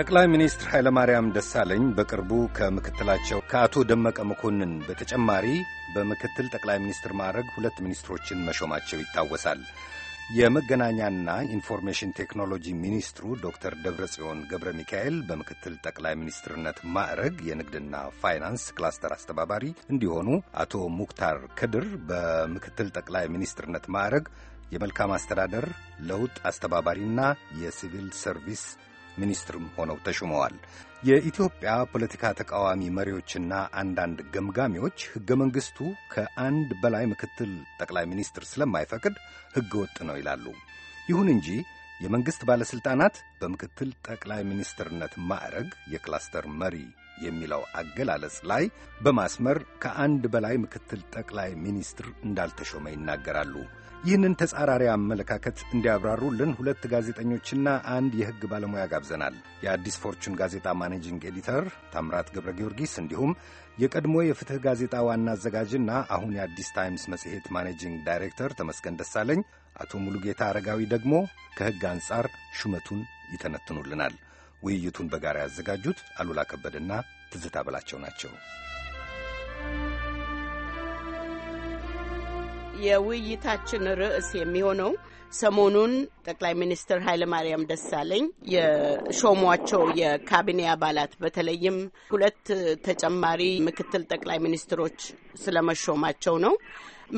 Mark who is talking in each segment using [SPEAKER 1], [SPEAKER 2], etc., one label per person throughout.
[SPEAKER 1] ጠቅላይ ሚኒስትር ኃይለማርያም ደሳለኝ በቅርቡ ከምክትላቸው ከአቶ ደመቀ መኮንን በተጨማሪ በምክትል ጠቅላይ ሚኒስትር ማዕረግ ሁለት ሚኒስትሮችን መሾማቸው ይታወሳል። የመገናኛና ኢንፎርሜሽን ቴክኖሎጂ ሚኒስትሩ ዶክተር ደብረ ጽዮን ገብረ ሚካኤል በምክትል ጠቅላይ ሚኒስትርነት ማዕረግ የንግድና ፋይናንስ ክላስተር አስተባባሪ እንዲሆኑ፣ አቶ ሙክታር ክድር በምክትል ጠቅላይ ሚኒስትርነት ማዕረግ የመልካም አስተዳደር ለውጥ አስተባባሪና የሲቪል ሰርቪስ ሚኒስትርም ሆነው ተሹመዋል። የኢትዮጵያ ፖለቲካ ተቃዋሚ መሪዎችና አንዳንድ ገምጋሚዎች ሕገ መንግሥቱ ከአንድ በላይ ምክትል ጠቅላይ ሚኒስትር ስለማይፈቅድ ሕገ ወጥ ነው ይላሉ። ይሁን እንጂ የመንግሥት ባለሥልጣናት በምክትል ጠቅላይ ሚኒስትርነት ማዕረግ የክላስተር መሪ የሚለው አገላለጽ ላይ በማስመር ከአንድ በላይ ምክትል ጠቅላይ ሚኒስትር እንዳልተሾመ ይናገራሉ። ይህንን ተጻራሪ አመለካከት እንዲያብራሩልን ሁለት ጋዜጠኞችና አንድ የሕግ ባለሙያ ጋብዘናል። የአዲስ ፎርቹን ጋዜጣ ማኔጂንግ ኤዲተር ታምራት ገብረ ጊዮርጊስ እንዲሁም የቀድሞ የፍትሕ ጋዜጣ ዋና አዘጋጅና አሁን የአዲስ ታይምስ መጽሔት ማኔጂንግ ዳይሬክተር ተመስገን ደሳለኝ አቶ ሙሉጌታ አረጋዊ ደግሞ ከሕግ አንጻር ሹመቱን ይተነትኑልናል። ውይይቱን በጋራ ያዘጋጁት አሉላ ከበደና
[SPEAKER 2] ትዝታ በላቸው ናቸው። የውይይታችን ርዕስ የሚሆነው ሰሞኑን ጠቅላይ ሚኒስትር ኃይለማርያም ደሳለኝ የሾሟቸው የካቢኔ አባላት በተለይም ሁለት ተጨማሪ ምክትል ጠቅላይ ሚኒስትሮች ስለመሾማቸው ነው።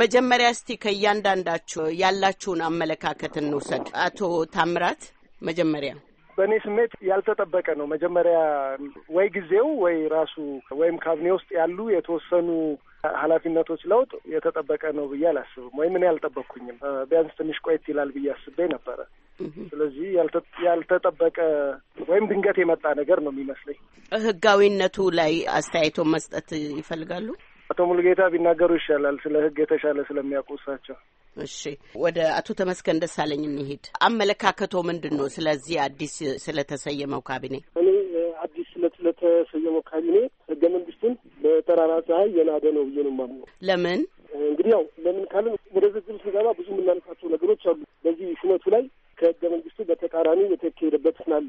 [SPEAKER 2] መጀመሪያ እስቲ ከእያንዳንዳችሁ ያላችሁን አመለካከት እንውሰድ። አቶ ታምራት መጀመሪያ
[SPEAKER 3] በእኔ ስሜት ያልተጠበቀ ነው። መጀመሪያ ወይ ጊዜው ወይ ራሱ ወይም ካቢኔ ውስጥ ያሉ የተወሰኑ ኃላፊነቶች ለውጥ የተጠበቀ ነው ብዬ አላስብም፣ ወይም እኔ አልጠበቅኩኝም። ቢያንስ ትንሽ ቆየት ይላል ብዬ አስቤ ነበረ። ስለዚህ ያልተጠበቀ ወይም ድንገት የመጣ ነገር ነው የሚመስለኝ።
[SPEAKER 2] ህጋዊነቱ ላይ አስተያየቶ መስጠት ይፈልጋሉ?
[SPEAKER 3] አቶ ሙሉጌታ ቢናገሩ ይሻላል፣ ስለ ህግ የተሻለ ስለሚያውቁ እሳቸው።
[SPEAKER 2] እሺ፣ ወደ አቶ ተመስገን ደሳለኝ እንሂድ። አመለካከቶ ምንድን ነው ስለዚህ አዲስ ስለተሰየመው ካቢኔ?
[SPEAKER 3] እኔ አዲስ ስለተሰየመው
[SPEAKER 4] ካቢኔ ህገ መንግስቱን በጠራራ ፀሐይ የናደ ነው ብዬ ነው የማምነው። ለምን እንግዲህ ያው ለምን ካለን ወደ ዝርዝር ስገባ ብዙ የምናነሳቸው ነገሮች አሉ። በዚህ ሹመቱ ላይ ከህገ መንግስቱ በተቃራኒ የተካሄደበት ስናለ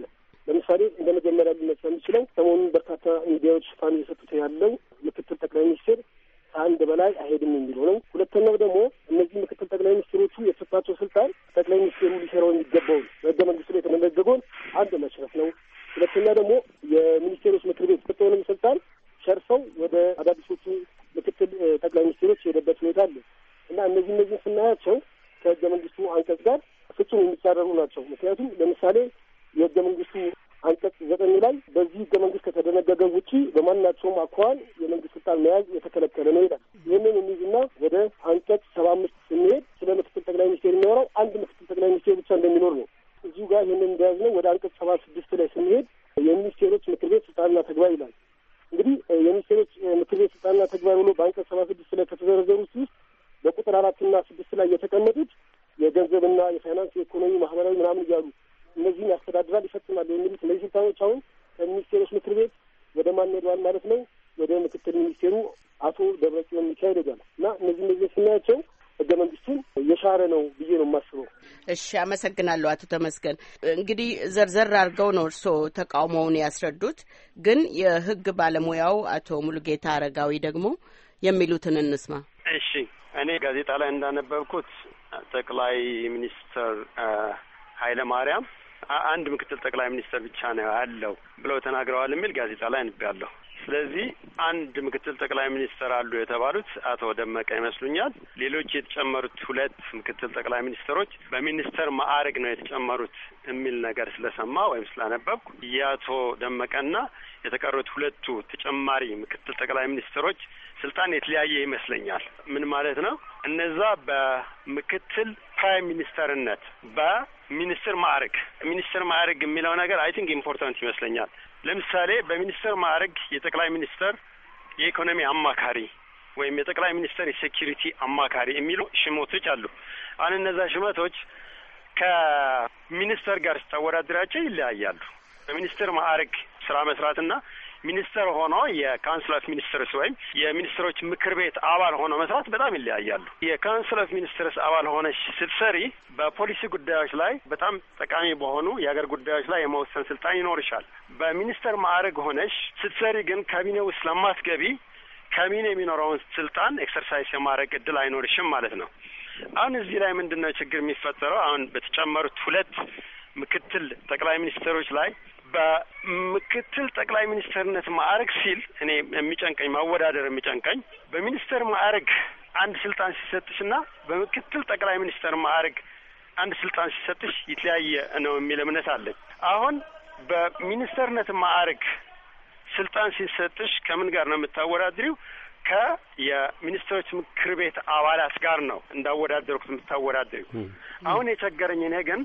[SPEAKER 4] ለምሳሌ እንደ መጀመሪያ ሊነሳ የሚችለው ሰሞኑን በርካታ ሚዲያዎች ሽፋን እየሰጡት ያለው ምክትል ጠቅላይ ሚኒስትር ከአንድ በላይ አይሄድም የሚለው ነው። ሁለተኛው ደግሞ እነዚህ ምክትል ጠቅላይ ሚኒስትሮቹ የሰጣቸው ስልጣን ጠቅላይ ሚኒስትሩ ሊሰራው የሚገባውን በህገ መንግስቱ ላይ የተመዘገበውን አንድ መሽረፍ ነው። ሁለተኛ ደግሞ የሚኒስቴሮች ምክር ቤት የሰጠውንም ስልጣን ሸርፈው ወደ አዳዲሶቹ ምክትል ጠቅላይ ሚኒስትሮች የሄደበት ሁኔታ አለ እና እነዚህ እነዚህ ስናያቸው ከህገ መንግስቱ አንቀጽ ጋር ፍጹም የሚጻረሩ ናቸው። ምክንያቱም ለምሳሌ የህገ መንግስቱ በዚህ ህገ መንግስት ከተደነገገ ውጪ በማናቸውም አኳኋን የመንግስት ስልጣን መያዝ የተከለከለ ነው ይላል። ይህንን የሚይዝና ወደ አንቀጽ ሰባ አምስት ስንሄድ ስለ ምክትል ጠቅላይ ሚኒስቴር የሚያወራው አንድ ምክትል ጠቅላይ ሚኒስቴር ብቻ እንደሚኖር ነው። እዚሁ ጋር ይህንን እንደያዝ ነው። ወደ አንቀጽ ሰባ ስድስት ላይ ስንሄድ የሚኒስቴሮች ምክር ቤት ስልጣንና ተግባር ይላል። እንግዲህ የሚኒስቴሮች ምክር ቤት ስልጣንና ተግባር ብሎ በአንቀጽ ሰባ ስድስት ላይ ከተዘረዘሩት ውስጥ በቁጥር አራትና ስድስት ላይ የተቀመጡት የገንዘብና የፋይናንስ የኢኮኖሚ፣ ማህበራዊ ምናምን እያሉ እነዚህን ያስተዳድራል፣ ይፈጽማል የሚሉት እነዚህ ስልጣኖች አሁን ከሚኒስቴሮች ምክር ቤት ወደ ማን ሄደዋል ማለት ነው? ወደ ምክትል ሚኒስቴሩ አቶ ደብረጽዮን ሚካኤል ሄደዋል እና እነዚህ እነዚህ ስናያቸው ህገ መንግስቱን
[SPEAKER 2] የሻረ ነው ብዬ ነው የማስበው። እሺ፣ አመሰግናለሁ አቶ ተመስገን። እንግዲህ ዘርዘር አድርገው ነው እርስዎ ተቃውሞውን ያስረዱት፣ ግን የህግ ባለሙያው አቶ ሙሉጌታ አረጋዊ ደግሞ የሚሉትን እንስማ።
[SPEAKER 5] እሺ፣ እኔ ጋዜጣ ላይ እንዳነበብኩት ጠቅላይ ሚኒስትር ኃይለ ማርያም አንድ ምክትል ጠቅላይ ሚኒስትር ብቻ ነው ያለው ብለው ተናግረዋል የሚል ጋዜጣ ላይ አንብቤያለሁ። ስለዚህ አንድ ምክትል ጠቅላይ ሚኒስትር አሉ የተባሉት አቶ ደመቀ ይመስሉኛል። ሌሎች የተጨመሩት ሁለት ምክትል ጠቅላይ ሚኒስትሮች በሚኒስተር ማዕረግ ነው የተጨመሩት የሚል ነገር ስለሰማ ወይም ስላነበብኩ የአቶ ደመቀና የተቀሩት ሁለቱ ተጨማሪ ምክትል ጠቅላይ ሚኒስትሮች ስልጣን የተለያየ ይመስለኛል። ምን ማለት ነው? እነዛ በምክትል ፕራይም ሚኒስተርነት በሚኒስትር ማዕረግ ሚኒስትር ማዕረግ የሚለው ነገር አይ ቲንክ ኢምፖርታንት ይመስለኛል። ለምሳሌ በሚኒስትር ማዕረግ የጠቅላይ ሚኒስተር የኢኮኖሚ አማካሪ ወይም የጠቅላይ ሚኒስተር የሴኪሪቲ አማካሪ የሚሉ ሽሞቶች አሉ። አሁን እነዛ ሽመቶች ከሚኒስተር ጋር ስታወዳድራቸው ይለያያሉ። በሚኒስትር ማዕረግ ስራ መስራትና ሚኒስተር ሆኖ የካውንስል ኦፍ ሚኒስትርስ ወይም የሚኒስትሮች ምክር ቤት አባል ሆኖ መስራት በጣም ይለያያሉ። የካውንስል ኦፍ ሚኒስትርስ አባል ሆነሽ ስትሰሪ በፖሊሲ ጉዳዮች ላይ በጣም ጠቃሚ በሆኑ የሀገር ጉዳዮች ላይ የመወሰን ስልጣን ይኖርሻል። በሚኒስተር ማዕረግ ሆነሽ ስትሰሪ ግን ካቢኔ ውስጥ ለማትገቢ ከሚን የሚኖረውን ስልጣን ኤክሰርሳይዝ የማድረግ እድል አይኖርሽም ማለት ነው። አሁን እዚህ ላይ ምንድን ነው ችግር የሚፈጠረው? አሁን በተጨመሩት ሁለት ምክትል ጠቅላይ ሚኒስትሮች ላይ በምክትል ጠቅላይ ሚኒስትርነት ማዕረግ ሲል እኔ የሚጨንቀኝ ማወዳደር የሚጨንቀኝ በሚኒስትር ማዕረግ አንድ ስልጣን ሲሰጥሽ ና በምክትል ጠቅላይ ሚኒስትር ማዕረግ አንድ ስልጣን ሲሰጥሽ የተለያየ ነው የሚል እምነት አለኝ። አሁን በሚኒስትርነት ማዕረግ ስልጣን ሲሰጥሽ ከምን ጋር ነው የምታወዳድሪው? ከየሚኒስትሮች ምክር ቤት አባላት ጋር ነው እንዳወዳደርኩት የምታወዳድሪው አሁን የቸገረኝ እኔ ግን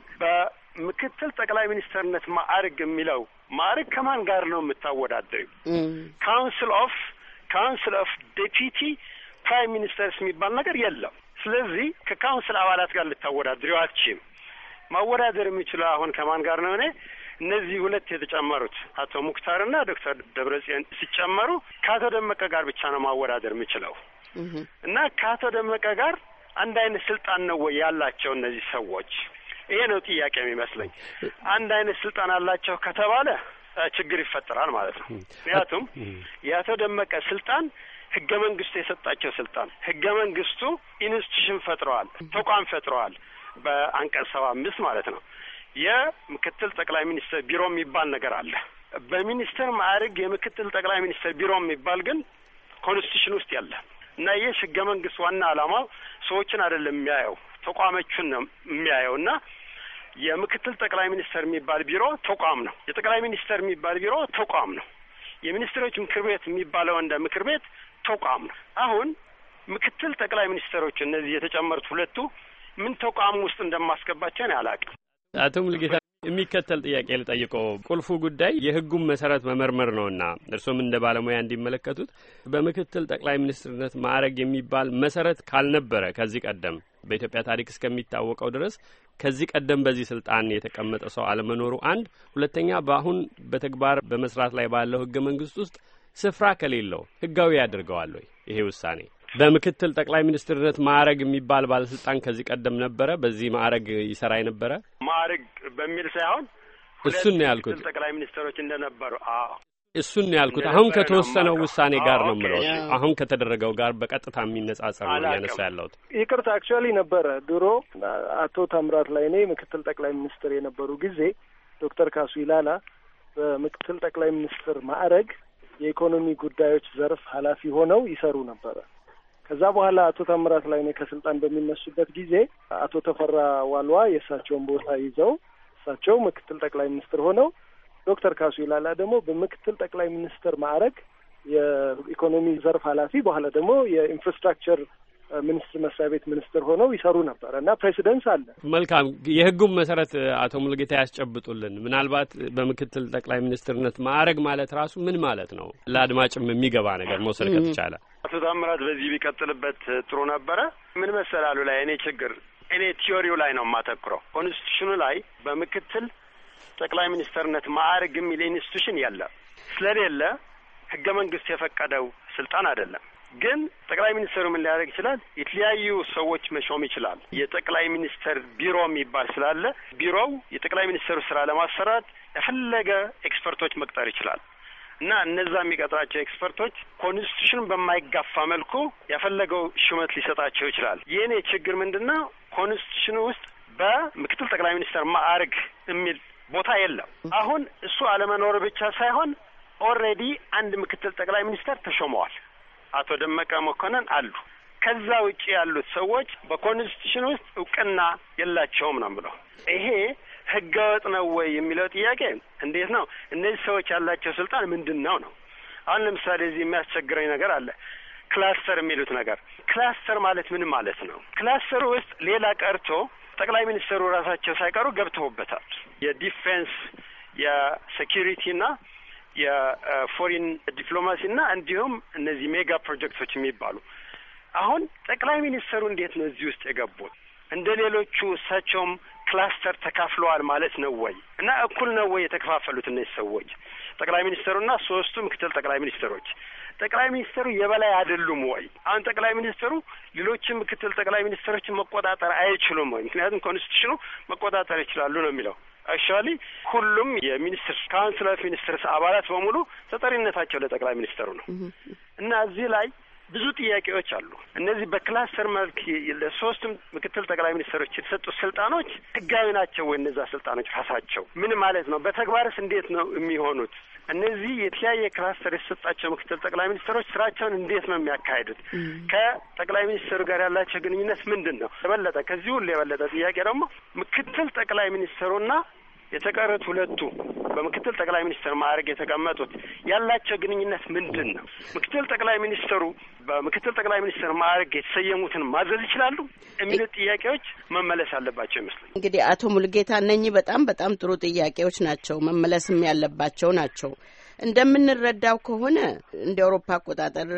[SPEAKER 5] ምክትል ጠቅላይ ሚኒስተርነት ማዕርግ የሚለው ማዕርግ ከማን ጋር ነው የምታወዳደሪ? ካውንስል ኦፍ ካውንስል ኦፍ ዴፒቲ ፕራይም ሚኒስተርስ የሚባል ነገር የለም። ስለዚህ ከካውንስል አባላት ጋር ልታወዳድሪ አችም ማወዳደር የሚችለው አሁን ከማን ጋር ነው? እኔ እነዚህ ሁለት የተጨመሩት አቶ ሙክታርና ዶክተር ደብረጽዮን ሲጨመሩ ከአቶ ደመቀ ጋር ብቻ ነው ማወዳደር የሚችለው እና ከአቶ ደመቀ ጋር አንድ አይነት ስልጣን ነው ወይ ያላቸው እነዚህ ሰዎች? ይሄ ነው ጥያቄ የሚመስለኝ። አንድ አይነት ስልጣን አላቸው ከተባለ ችግር ይፈጠራል ማለት ነው። ምክንያቱም የአቶ ደመቀ ስልጣን ህገ መንግስቱ የሰጣቸው ስልጣን ህገ መንግስቱ ኢንስቲቱሽን ፈጥረዋል፣ ተቋም ፈጥረዋል በአንቀጽ ሰባ አምስት ማለት ነው። የምክትል ጠቅላይ ሚኒስትር ቢሮ የሚባል ነገር አለ። በሚኒስትር ማዕረግ የምክትል ጠቅላይ ሚኒስትር ቢሮ የሚባል ግን ኮንስቲቱሽን ውስጥ ያለ እና ይህ ህገ መንግስት ዋና ዓላማው ሰዎችን አይደለም የሚያየው ተቋሞቹን ነው የሚያየው እና የምክትል ጠቅላይ ሚኒስተር የሚባል ቢሮ ተቋም ነው። የጠቅላይ ሚኒስተር የሚባል ቢሮ ተቋም ነው። የሚኒስትሮች ምክር ቤት የሚባለው እንደ ምክር ቤት ተቋም ነው። አሁን ምክትል ጠቅላይ ሚኒስተሮች እነዚህ የተጨመሩት ሁለቱ ምን ተቋም ውስጥ እንደማስገባቸው ነው አላውቅም።
[SPEAKER 6] አቶ ሙልጌታ የሚከተል ጥያቄ ልጠይቆ፣ ቁልፉ ጉዳይ የህጉን መሰረት መመርመር ነውና እርሶም እንደ ባለሙያ እንዲመለከቱት በምክትል ጠቅላይ ሚኒስትርነት ማዕረግ የሚባል መሰረት ካልነበረ ከዚህ ቀደም በኢትዮጵያ ታሪክ እስከሚታወቀው ድረስ ከዚህ ቀደም በዚህ ስልጣን የተቀመጠ ሰው አለመኖሩ አንድ፣ ሁለተኛ በአሁን በተግባር በመስራት ላይ ባለው ህገ መንግስት ውስጥ ስፍራ ከሌለው ህጋዊ ያደርገዋል ወይ ይሄ ውሳኔ? በምክትል ጠቅላይ ሚኒስትርነት ማዕረግ የሚባል ባለስልጣን ከዚህ ቀደም ነበረ። በዚህ ማዕረግ ይሰራ የነበረ
[SPEAKER 5] ማዕረግ በሚል ሳይሆን
[SPEAKER 6] እሱን ነው ያልኩት።
[SPEAKER 5] ጠቅላይ ሚኒስትሮች እንደነበሩ
[SPEAKER 6] እሱን ያልኩት አሁን ከተወሰነው ውሳኔ ጋር ነው የምለው። አሁን ከተደረገው ጋር በቀጥታ የሚነጻጸር ነው እያነሳ ያለሁት።
[SPEAKER 3] ይቅርታ አክቹዋሊ ነበረ ድሮ አቶ ታምራት ላይኔ ምክትል ጠቅላይ ሚኒስትር የነበሩ ጊዜ ዶክተር ካሱ ይላላ በምክትል ጠቅላይ ሚኒስትር ማዕረግ የኢኮኖሚ ጉዳዮች ዘርፍ ኃላፊ ሆነው ይሰሩ ነበረ። ከዛ በኋላ አቶ ታምራት ላይኔ ከስልጣን በሚነሱበት ጊዜ አቶ ተፈራ ዋልዋ የእሳቸውን ቦታ ይዘው እሳቸው ምክትል ጠቅላይ ሚኒስትር ሆነው ዶክተር ካሱ ይላላ ደግሞ በምክትል ጠቅላይ ሚኒስትር ማዕረግ የኢኮኖሚ ዘርፍ ኃላፊ በኋላ ደግሞ የኢንፍራስትራክቸር ሚኒስትር መስሪያ ቤት ሚኒስትር ሆነው ይሰሩ ነበር እና ፕሬሲደንስ አለ።
[SPEAKER 6] መልካም የህጉም መሰረት አቶ ሙልጌታ ያስጨብጡልን። ምናልባት በምክትል ጠቅላይ ሚኒስትርነት ማዕረግ ማለት ራሱ ምን ማለት ነው? ለአድማጭም የሚገባ ነገር መውሰድ ከተቻለ
[SPEAKER 5] አቶ ታምራት በዚህ ቢቀጥልበት ጥሩ ነበረ። ምን መሰላሉ ላይ እኔ ችግር እኔ ቲዮሪው ላይ ነው የማተኩረው ኮንስቲቱሽኑ ላይ በምክትል ጠቅላይ ሚኒስተርነት ማዕረግ የሚል ኢንስቲቱሽን የለ ስለሌለ ህገ መንግስት የፈቀደው ስልጣን አይደለም። ግን ጠቅላይ ሚኒስተሩ ምን ሊያደርግ ይችላል? የተለያዩ ሰዎች መሾም ይችላል። የጠቅላይ ሚኒስተር ቢሮ የሚባል ስላለ ቢሮው የጠቅላይ ሚኒስተሩ ስራ ለማሰራት የፈለገ ኤክስፐርቶች መቅጠር ይችላል እና እነዛ የሚቀጥራቸው ኤክስፐርቶች ኮንስቲቱሽን በማይጋፋ መልኩ የፈለገው ሹመት ሊሰጣቸው ይችላል። የእኔ ችግር ምንድን ነው? ኮንስቲቱሽኑ ውስጥ በምክትል ጠቅላይ ሚኒስተር ማዕርግ የሚል ቦታ የለም። አሁን እሱ አለመኖር ብቻ ሳይሆን ኦልሬዲ አንድ ምክትል ጠቅላይ ሚኒስተር ተሾመዋል። አቶ ደመቀ መኮንን አሉ። ከዛ ውጭ ያሉት ሰዎች በኮንስቲቱሽን ውስጥ እውቅና የላቸውም ነው ብለው ይሄ ህገወጥ ነው ወይ የሚለው ጥያቄ እንዴት ነው? እነዚህ ሰዎች ያላቸው ስልጣን ምንድን ነው ነው? አሁን ለምሳሌ እዚህ የሚያስቸግረኝ ነገር አለ። ክላስተር የሚሉት ነገር ክላስተር ማለት ምን ማለት ነው? ክላስተር ውስጥ ሌላ ቀርቶ ጠቅላይ ሚኒስትሩ ራሳቸው ሳይቀሩ ገብተውበታል። የዲፌንስ የሴኪሪቲና የፎሪን ዲፕሎማሲና እንዲሁም እነዚህ ሜጋ ፕሮጀክቶች የሚባሉ አሁን ጠቅላይ ሚኒስትሩ እንዴት ነው እዚህ ውስጥ የገቡት? እንደ ሌሎቹ እሳቸውም ክላስተር ተካፍለዋል ማለት ነው ወይ እና እኩል ነው ወይ የተከፋፈሉት እነዚህ ሰዎች ጠቅላይ ሚኒስትሩና ሶስቱ ምክትል ጠቅላይ ሚኒስትሮች ጠቅላይ ሚኒስትሩ የበላይ አይደሉም ወይ? አሁን ጠቅላይ ሚኒስትሩ ሌሎችን ምክትል ጠቅላይ ሚኒስትሮችን መቆጣጠር አይችሉም ወይ? ምክንያቱም ኮንስቲቱሽኑ መቆጣጠር ይችላሉ ነው የሚለው። አክቹዋሊ ሁሉም የሚኒስትር ካውንስል ኦፍ ሚኒስትርስ አባላት በሙሉ ተጠሪነታቸው ለጠቅላይ ሚኒስትሩ ነው እና እዚህ ላይ ብዙ ጥያቄዎች አሉ። እነዚህ በክላስተር መልክ ለሶስቱም ምክትል ጠቅላይ ሚኒስትሮች የተሰጡ ስልጣኖች ህጋዊ ናቸው ወይ? እነዛ ስልጣኖች ራሳቸው ምን ማለት ነው? በተግባርስ እንዴት ነው የሚሆኑት? እነዚህ የተለያየ ክላስተር የተሰጣቸው ምክትል ጠቅላይ ሚኒስትሮች ስራቸውን እንዴት ነው የሚያካሂዱት? ከጠቅላይ ሚኒስትሩ ጋር ያላቸው ግንኙነት ምንድን ነው? የበለጠ ከዚህ ሁሉ የበለጠ ጥያቄ ደግሞ ምክትል ጠቅላይ ሚኒስትሩና የተቀሩት ሁለቱ በምክትል ጠቅላይ ሚኒስትር ማዕረግ የተቀመጡት ያላቸው ግንኙነት ምንድን ነው? ምክትል ጠቅላይ ሚኒስትሩ በምክትል ጠቅላይ ሚኒስትር ማዕረግ የተሰየሙትን ማዘዝ ይችላሉ የሚሉ ጥያቄዎች መመለስ አለባቸው ይመስለኛል።
[SPEAKER 2] እንግዲህ አቶ ሙልጌታ እነኚህ በጣም በጣም ጥሩ ጥያቄዎች ናቸው፣ መመለስም ያለባቸው ናቸው። እንደምንረዳው ከሆነ እንደ አውሮፓ አቆጣጠር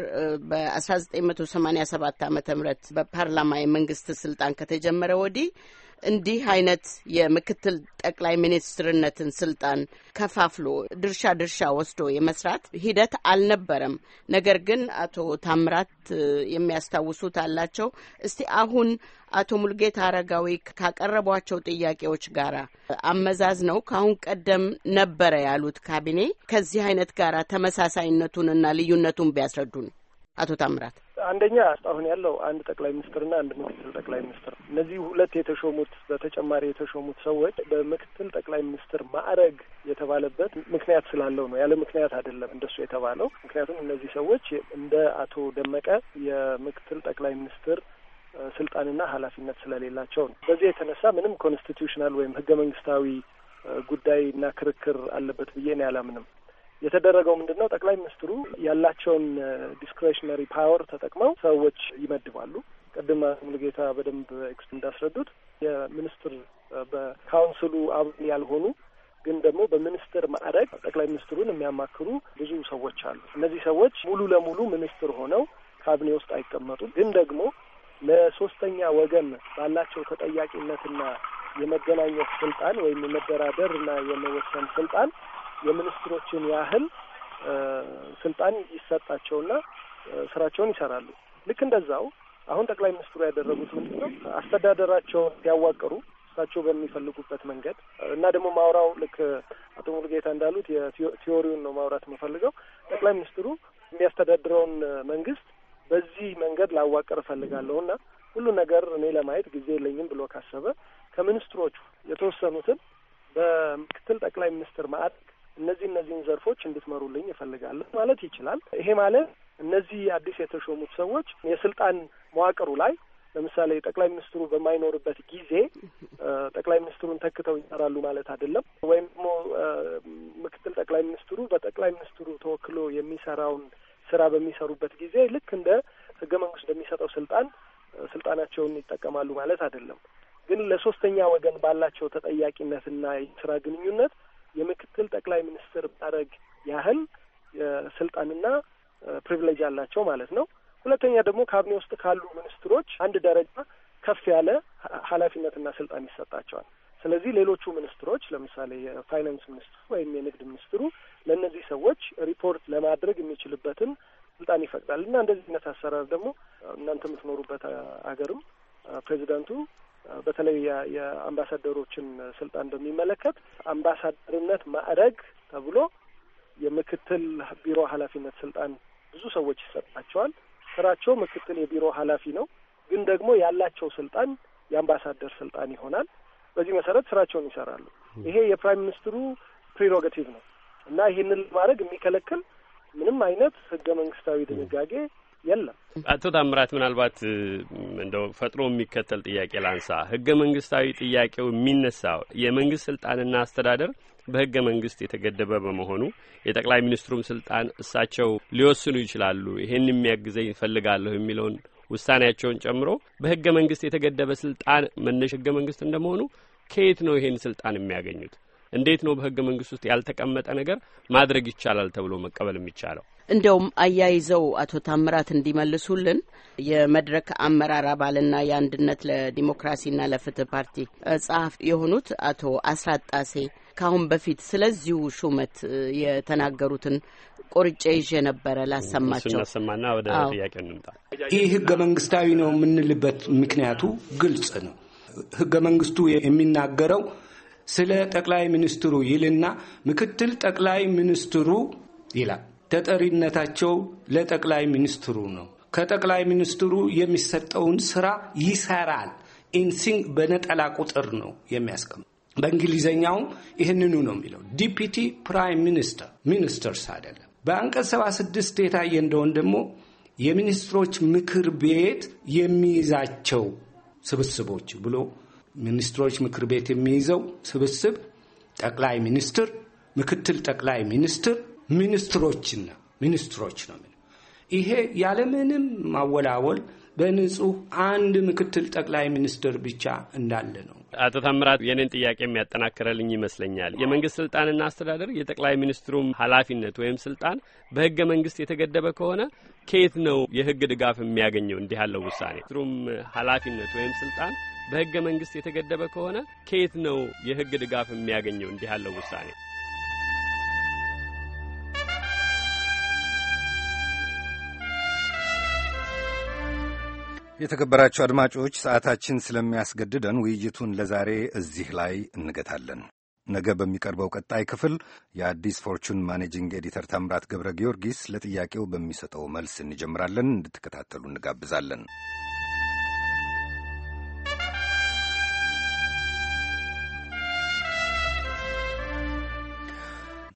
[SPEAKER 2] በ1987 ዓ ም በፓርላማ የመንግስት ስልጣን ከተጀመረ ወዲህ እንዲህ አይነት የምክትል ጠቅላይ ሚኒስትርነትን ስልጣን ከፋፍሎ ድርሻ ድርሻ ወስዶ የመስራት ሂደት አልነበረም። ነገር ግን አቶ ታምራት የሚያስታውሱት አላቸው። እስቲ አሁን አቶ ሙልጌታ አረጋዊ ካቀረቧቸው ጥያቄዎች ጋር አመዛዝ ነው ከአሁን ቀደም ነበረ ያሉት ካቢኔ ከዚህ አይነት ጋር ተመሳሳይነቱንና ልዩነቱን ቢያስረዱን አቶ ታምራት
[SPEAKER 3] አንደኛ አሁን ያለው አንድ ጠቅላይ ሚኒስትርና አንድ ምክትል ጠቅላይ ሚኒስትር እነዚህ ሁለት የተሾሙት በተጨማሪ የተሾሙት ሰዎች በምክትል ጠቅላይ ሚኒስትር ማዕረግ የተባለበት ምክንያት ስላለው ነው። ያለ ምክንያት አይደለም እንደሱ የተባለው። ምክንያቱም እነዚህ ሰዎች እንደ አቶ ደመቀ የምክትል ጠቅላይ ሚኒስትር ስልጣንና ኃላፊነት ስለሌላቸው ነው። በዚህ የተነሳ ምንም ኮንስቲቱሽናል ወይም ህገ መንግስታዊ ጉዳይና ክርክር አለበት ብዬ እኔ አላምንም። የተደረገው ምንድን ነው? ጠቅላይ ሚኒስትሩ ያላቸውን ዲስክሬሽነሪ ፓወር ተጠቅመው ሰዎች ይመድባሉ። ቅድም ሙሉጌታ በደንብ ኤክስ እንዳስረዱት የሚኒስትር በካውንስሉ አባል ያልሆኑ ግን ደግሞ በሚኒስትር ማዕረግ ጠቅላይ ሚኒስትሩን የሚያማክሩ ብዙ ሰዎች አሉ። እነዚህ ሰዎች ሙሉ ለሙሉ ሚኒስትር ሆነው ካቢኔ ውስጥ አይቀመጡም። ግን ደግሞ ለሶስተኛ ወገን ባላቸው ተጠያቂነትና የመገናኘት ስልጣን ወይም የመደራደር እና የመወሰን ስልጣን የሚኒስትሮችን ያህል ስልጣን ይሰጣቸውና ስራቸውን ይሰራሉ። ልክ እንደዛው አሁን ጠቅላይ ሚኒስትሩ ያደረጉት ምንድን ነው? አስተዳደራቸውን ሲያዋቅሩ እሳቸው በሚፈልጉበት መንገድ እና ደግሞ ማውራው ልክ አቶ ሙሉጌታ እንዳሉት የቲዮሪውን ነው ማውራት የምፈልገው። ጠቅላይ ሚኒስትሩ የሚያስተዳድረውን መንግስት በዚህ መንገድ ላዋቅር እፈልጋለሁ እና ሁሉ ነገር እኔ ለማየት ጊዜ የለኝም ብሎ ካሰበ ከሚኒስትሮቹ የተወሰኑትን በምክትል ጠቅላይ ሚኒስትር ማዕረግ እነዚህ እነዚህን ዘርፎች እንድትመሩልኝ እፈልጋለሁ ማለት ይችላል። ይሄ ማለት እነዚህ አዲስ የተሾሙት ሰዎች የስልጣን መዋቅሩ ላይ ለምሳሌ ጠቅላይ ሚኒስትሩ በማይኖርበት ጊዜ ጠቅላይ ሚኒስትሩን ተክተው ይሰራሉ ማለት አይደለም። ወይም ደግሞ ምክትል ጠቅላይ ሚኒስትሩ በጠቅላይ ሚኒስትሩ ተወክሎ የሚሰራውን ስራ በሚሰሩበት ጊዜ ልክ እንደ ህገ መንግስት እንደሚሰጠው ስልጣን ስልጣናቸውን ይጠቀማሉ ማለት አይደለም። ግን ለሶስተኛ ወገን ባላቸው ተጠያቂነትና የስራ ግንኙነት የምክትል ጠቅላይ ሚኒስትር ማዕረግ ያህል ስልጣንና ፕሪቪሌጅ አላቸው ማለት ነው። ሁለተኛ ደግሞ ካቢኔ ውስጥ ካሉ ሚኒስትሮች አንድ ደረጃ ከፍ ያለ ኃላፊነትና ስልጣን ይሰጣቸዋል። ስለዚህ ሌሎቹ ሚኒስትሮች ለምሳሌ የፋይናንስ ሚኒስትሩ ወይም የንግድ ሚኒስትሩ ለእነዚህ ሰዎች ሪፖርት ለማድረግ የሚችልበትን ስልጣን ይፈቅዳል እና እንደዚህ አይነት አሰራር ደግሞ እናንተ የምትኖሩበት አገርም ፕሬዚዳንቱ በተለይ የአምባሳደሮችን ስልጣን በሚመለከት አምባሳደርነት ማዕረግ ተብሎ የምክትል ቢሮ ኃላፊነት ስልጣን ብዙ ሰዎች ይሰጣቸዋል። ስራቸው ምክትል የቢሮ ኃላፊ ነው፣ ግን ደግሞ ያላቸው ስልጣን የአምባሳደር ስልጣን ይሆናል። በዚህ መሰረት ስራቸውን ይሰራሉ። ይሄ የፕራይም ሚኒስትሩ ፕሪሮጋቲቭ ነው እና ይህንን ለማድረግ የሚከለክል ምንም አይነት ህገ መንግስታዊ ድንጋጌ የለም።
[SPEAKER 6] አቶ ታምራት ምናልባት እንደው ፈጥሮ የሚከተል ጥያቄ ላንሳ። ህገ መንግስታዊ ጥያቄው የሚነሳው የመንግስት ስልጣንና አስተዳደር በህገ መንግስት የተገደበ በመሆኑ የጠቅላይ ሚኒስትሩም ስልጣን እሳቸው ሊወስኑ ይችላሉ። ይሄን የሚያግዘኝ እፈልጋለሁ የሚለውን ውሳኔያቸውን ጨምሮ በህገ መንግስት የተገደበ ስልጣን መነሽ ህገ መንግስት እንደመሆኑ ከየት ነው ይሄን ስልጣን የሚያገኙት? እንዴት ነው በህገ መንግስት ውስጥ ያልተቀመጠ ነገር ማድረግ ይቻላል ተብሎ መቀበል የሚቻለው?
[SPEAKER 2] እንደውም አያይዘው አቶ ታምራት እንዲመልሱልን የመድረክ አመራር አባልና የአንድነት ለዲሞክራሲና ለፍትህ ፓርቲ ጸሐፊ የሆኑት አቶ አስራት ጣሴ ካሁን በፊት ስለዚሁ ሹመት የተናገሩትን ቆርጬ ይዤ ነበረ ላሰማቸውናሰማና ወደ ጥያቄ
[SPEAKER 7] እንምጣ። ይህ ህገ መንግስታዊ ነው የምንልበት ምክንያቱ ግልጽ ነው። ህገ መንግስቱ የሚናገረው ስለ ጠቅላይ ሚኒስትሩ ይልና ምክትል ጠቅላይ ሚኒስትሩ ይላል ተጠሪነታቸው ለጠቅላይ ሚኒስትሩ ነው። ከጠቅላይ ሚኒስትሩ የሚሰጠውን ስራ ይሰራል። ኢንሲንግ በነጠላ ቁጥር ነው የሚያስቀም በእንግሊዝኛውም ይህንኑ ነው የሚለው ዲፒቲ ፕራይም ሚኒስተር ሚኒስተርስ አይደለም። በአንቀጽ 76 የታየ እንደሆን ደግሞ የሚኒስትሮች ምክር ቤት የሚይዛቸው ስብስቦች ብሎ ሚኒስትሮች ምክር ቤት የሚይዘው ስብስብ ጠቅላይ ሚኒስትር፣ ምክትል ጠቅላይ ሚኒስትር ሚኒስትሮችና ሚኒስትሮች ነው። ይሄ ያለምንም ማወላወል በንጹህ አንድ ምክትል ጠቅላይ ሚኒስትር ብቻ እንዳለ ነው።
[SPEAKER 6] አቶ ታምራት የኔን ጥያቄ የሚያጠናክረልኝ ይመስለኛል። የመንግስት ስልጣንና አስተዳደር የጠቅላይ ሚኒስትሩም ኃላፊነት ወይም ስልጣን በህገ መንግስት የተገደበ ከሆነ ከየት ነው የህግ ድጋፍ የሚያገኘው? እንዲህ ያለው ውሳኔ ሚኒስትሩም ኃላፊነት ወይም ስልጣን በህገ መንግስት የተገደበ ከሆነ ከየት ነው የህግ ድጋፍ የሚያገኘው? እንዲህ ያለው ውሳኔ
[SPEAKER 1] የተከበራችሁ አድማጮች ሰዓታችን ስለሚያስገድደን ውይይቱን ለዛሬ እዚህ ላይ እንገታለን። ነገ በሚቀርበው ቀጣይ ክፍል የአዲስ ፎርቹን ማኔጂንግ ኤዲተር ታምራት ገብረ ጊዮርጊስ ለጥያቄው በሚሰጠው መልስ እንጀምራለን። እንድትከታተሉ እንጋብዛለን።